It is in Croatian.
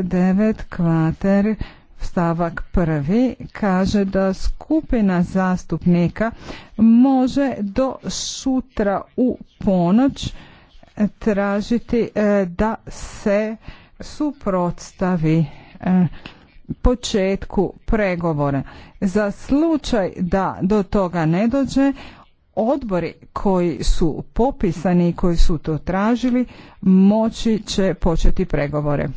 29 kvater stavak prvi kaže da skupina zastupnika može do sutra u ponoć e, tražiti e, da se suprotstavi e, početku pregovora. Za slučaj da do toga ne dođe, odbori koji su popisani i koji su to tražili moći će početi pregovore.